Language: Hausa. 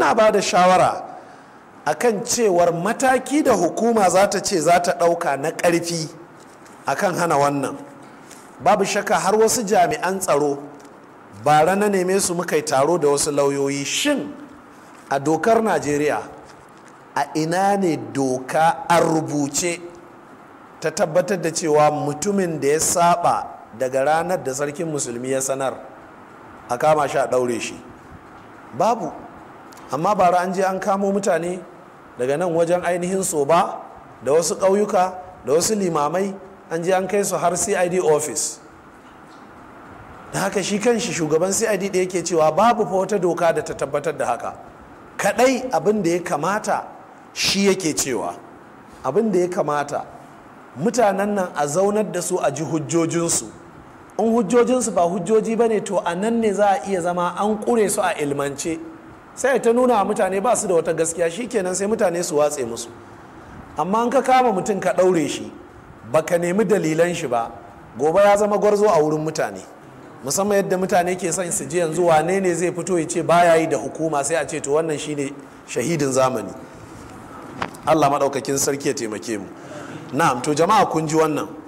ina ba da shawara akan cewar mataki da hukuma za ta ce za ta ɗauka na ƙarfi kan hana wannan babu shaka har wasu jami'an tsaro bara na neme su muka yi taro da wasu lauyoyi shin a dokar najeriya a ina ne doka a rubuce ta tabbatar da cewa mutumin da ya saba daga ranar da sarkin musulmi ya sanar a kama shi a ɗaure shi babu amma bara an je an kamo mutane daga nan wajen ainihin soba, da wasu ƙauyuka da wasu limamai an je an kai su har cid office da haka shi kanshi shugaban cid da yake cewa babu fa wata doka da ta tabbatar da haka kadai abin da ya kamata shi yake cewa abin da ya kamata mutanen nan a zaunar da su a ji hujjojinsu in hujjojinsu ba hujjoji ba ne to a nan ne za a iya zama an ƙure su a ilmance sai ta nuna mutane ba su da wata gaskiya shi kenan sai mutane su watse musu amma an ka kama mutum ka ɗaure shi ba ka nemi dalilan shi ba gobe ya zama gwarzo a wurin mutane musamman yadda mutane ke son su ji yanzu wane ne zai fito ya ce baya yi da hukuma sai a ce to wannan shine shahidin zamani Allah maɗaukakin sarki ya taimake mu na'am to jama'a kun ji wannan